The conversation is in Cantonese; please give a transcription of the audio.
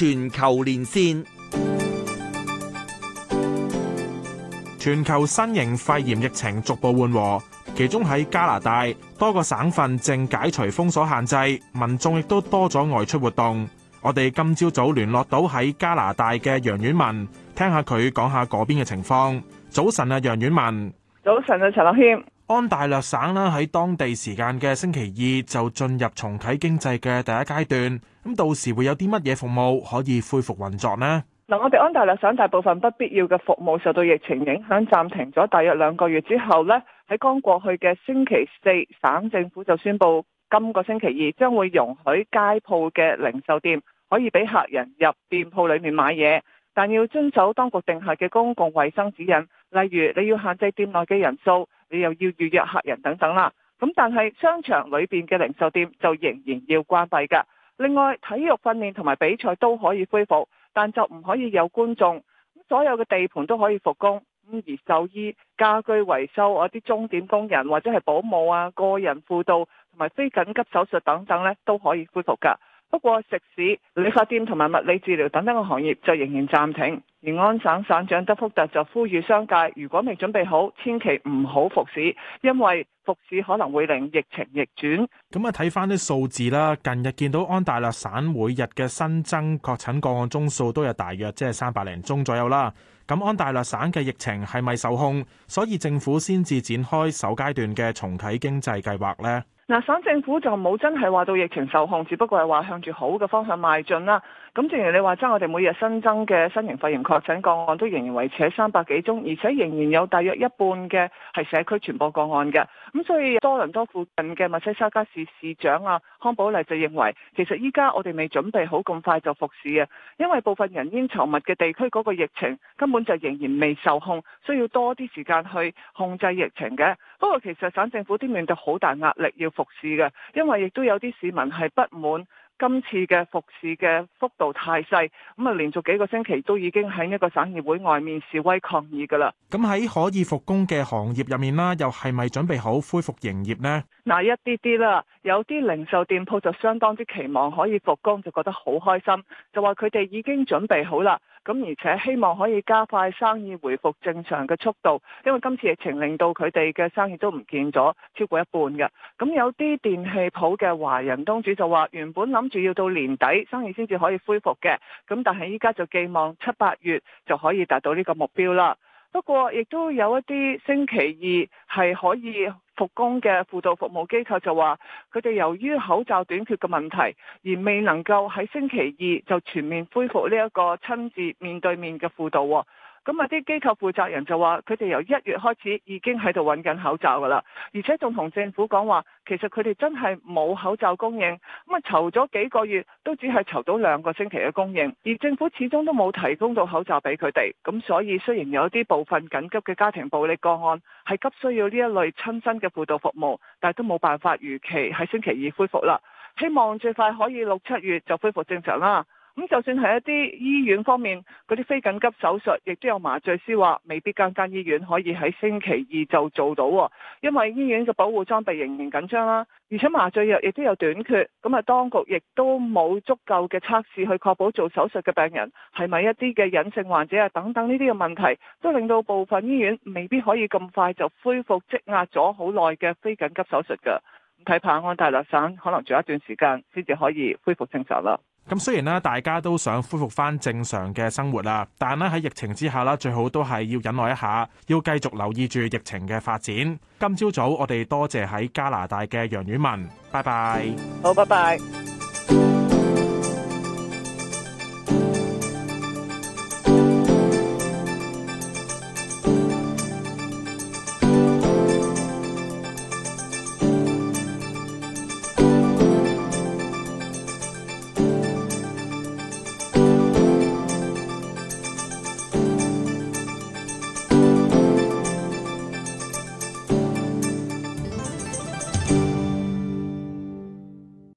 全球連線，全球新型肺炎疫情逐步緩和，其中喺加拿大多個省份正解除封鎖限制，民眾亦都多咗外出活動。我哋今朝早聯絡到喺加拿大嘅楊婉雯，聽下佢講下嗰邊嘅情況。早晨啊，楊婉雯。早晨啊，陳樂謙。安大略省啦，喺當地時間嘅星期二就進入重啟經濟嘅第一階段。咁到時會有啲乜嘢服務可以恢復運作呢？嗱，我哋安大略省大部分不必要嘅服務受到疫情影響暫停咗，大約兩個月之後咧，喺剛過去嘅星期四，省政府就宣布今個星期二將會容許街鋪嘅零售店可以俾客人入店鋪裡面買嘢，但要遵守當局定下嘅公共衛生指引，例如你要限制店內嘅人數。你又要預約客人等等啦，咁但係商場裏邊嘅零售店就仍然要關閉噶。另外，體育訓練同埋比賽都可以恢復，但就唔可以有觀眾。所有嘅地盤都可以復工。咁而獸醫、家居維修、啲鐘點工人或者係保姆啊、個人輔導同埋非緊急手術等等呢都可以恢復噶。不過食肆、理髮店同埋物理治療等等嘅行業就仍然暫停。而安省省長德福特就呼籲商界，如果未準備好，千祈唔好復市，因為復市可能會令疫情逆轉。咁啊，睇翻啲數字啦，近日見到安大略省每日嘅新增確診個案宗數都有大約即係三百零宗左右啦。咁安大略省嘅疫情係咪受控？所以政府先至展開首階段嘅重啟經濟計劃呢。嗱，省政府就冇真係話到疫情受控，只不過係話向住好嘅方向邁進啦。咁正如你話齋，我哋每日新增嘅新型肺炎確診個案都仍然維持喺三百幾宗，而且仍然有大約一半嘅係社區傳播個案嘅。咁所以多倫多附近嘅密西沙加市市長啊康寶麗就認為，其實依家我哋未準備好咁快就復市啊，因為部分人煙稠密嘅地區嗰個疫情根本就仍然未受控，需要多啲時間去控制疫情嘅。不過其實省政府啲面對好大壓力要復市嘅，因為亦都有啲市民係不滿今次嘅復市嘅幅度太細，咁啊連續幾個星期都已經喺一個省議會外面示威抗議㗎啦。咁喺可以復工嘅行業入面啦，又係咪準備好恢復營業呢？嗱，一啲啲啦，有啲零售店鋪就相當之期望可以復工，就覺得好開心，就話佢哋已經準備好啦。咁而且希望可以加快生意回復正常嘅速度，因為今次疫情令到佢哋嘅生意都唔見咗超過一半嘅。咁有啲電器鋪嘅華人東主就話，原本諗住要到年底生意先至可以恢復嘅，咁但係依家就寄望七八月就可以達到呢個目標啦。不過，亦都有一啲星期二係可以復工嘅輔導服務機構，就話佢哋由於口罩短缺嘅問題，而未能夠喺星期二就全面恢復呢一個親自面對面嘅輔導。咁啊，啲機構負責人就話，佢哋由一月開始已經喺度揾緊口罩㗎啦，而且仲同政府講話，其實佢哋真係冇口罩供應，咁啊，籌咗幾個月都只係籌到兩個星期嘅供應，而政府始終都冇提供到口罩俾佢哋，咁所以雖然有啲部分緊急嘅家庭暴力個案係急需要呢一類親身嘅輔導服務，但係都冇辦法如期喺星期二恢復啦。希望最快可以六七月就恢復正常啦。咁就算係一啲醫院方面嗰啲非緊急手術，亦都有麻醉師話未必間間醫院可以喺星期二就做到，因為醫院嘅保護裝備仍然緊張啦，而且麻醉藥亦都有短缺，咁啊當局亦都冇足夠嘅測試去確保做手術嘅病人係咪一啲嘅隱性患者啊等等呢啲嘅問題，都令到部分醫院未必可以咁快就恢復積壓咗好耐嘅非緊急手術㗎。睇怕安大略省，可能仲有一段時間先至可以恢復正常啦。咁雖然咧，大家都想恢復翻正常嘅生活啦，但係咧，喺疫情之下咧，最好都係要忍耐一下，要繼續留意住疫情嘅發展。今朝早我哋多謝喺加拿大嘅楊婉雯，拜拜。好，拜拜。